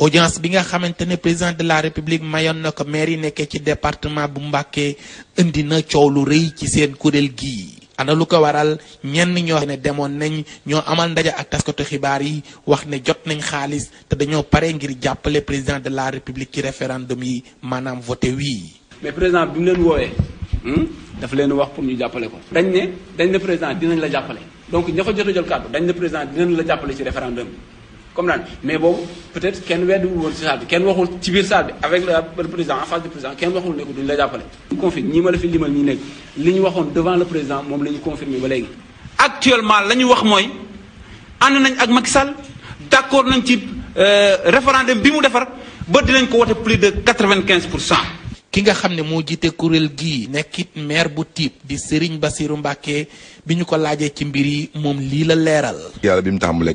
audience bi nga xamante ne président de la république mayoon na ko maire yi nekkee ci département bu mbàkkee indi na coow lu rëy ci seen kuréel gii ana lu ko waral ñenn ñoo xam ne demoon nañ ñoo amal ndaje ak taskatu xibaar yi wax ne jot nañ xaalis te dañoo pare ngir jàppale président de la république ci référendum yi maanaam voté wii. mais président bi mu leen woowee hmm, dafa leen wax pour ñu jàppale ko. dañ ne dañ ne président dinañ la jàppale donc ña ko jot a jël kàddu dañ ne président dinañ la jàppale ci référendum bi. comme là mais bon peut-être qu'un weddiwul woon si salle bi qu'un waxul ci biir salle avec le président en face du président kenn waxul ne ko duñ la jàppale. ñu confirme ni ma la fi limal ñi nekk li ñu devant le président moom la ñu confirmé actuellement la ñu wax un ànd nañ ak Macky Sall d'accord nañ ci euh, référendum bi mu defar ba dinañ ko wote plus de 95 vingt quinze pour cent. ki nga xam ne moo jiite kuréel maire bu di Serigne Bassirou Mbacké bi ko laajee ci mbir yi moom la leeral. yàlla bi mu tàmbalee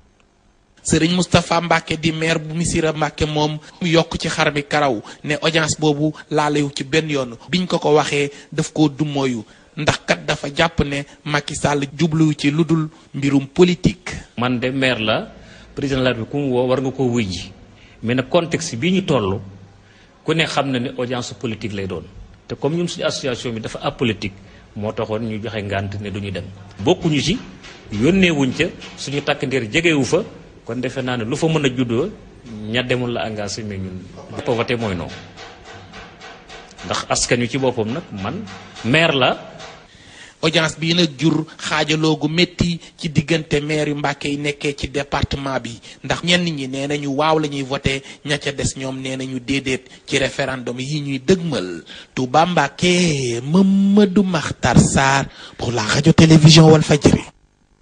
Sering Mustafa mbàkke di maire bu misira mbàkke mom yok ci xar karaw ne audience la layu ci ben yoon biñ ko ko waxee daf du moyu ndax kat dafa japp ne Macky Sall djublu ci luddul mbirum politique man de maire la président la République wo war nga ko wuy mais na contexte ñu ku ne xamna na ne audience politique lay doon te comme ñun suñu association bi dafa apolitique mo taxone ñu joxe ngant ne duñu dem ñu ci wuñ ca suñu takk jégué wu fa kon defe naa ne lu fa mën a juddoo ña demul la engagé mais ñun pauvreté mooy non ndax askan wi ci boppam nag man maire la audience bi nag jur xaajaloo gu metti ci diggante maire yu mbàkke yi nekkee ci département bi ndax ñenn ñi nee nañu waaw la ñuy voté ña ca des ñoom nee nañu déedéet ci référendum yi ñuy dëgmal Touba Mbàkke Mamadou Makhtar Sarr pour la radio télévision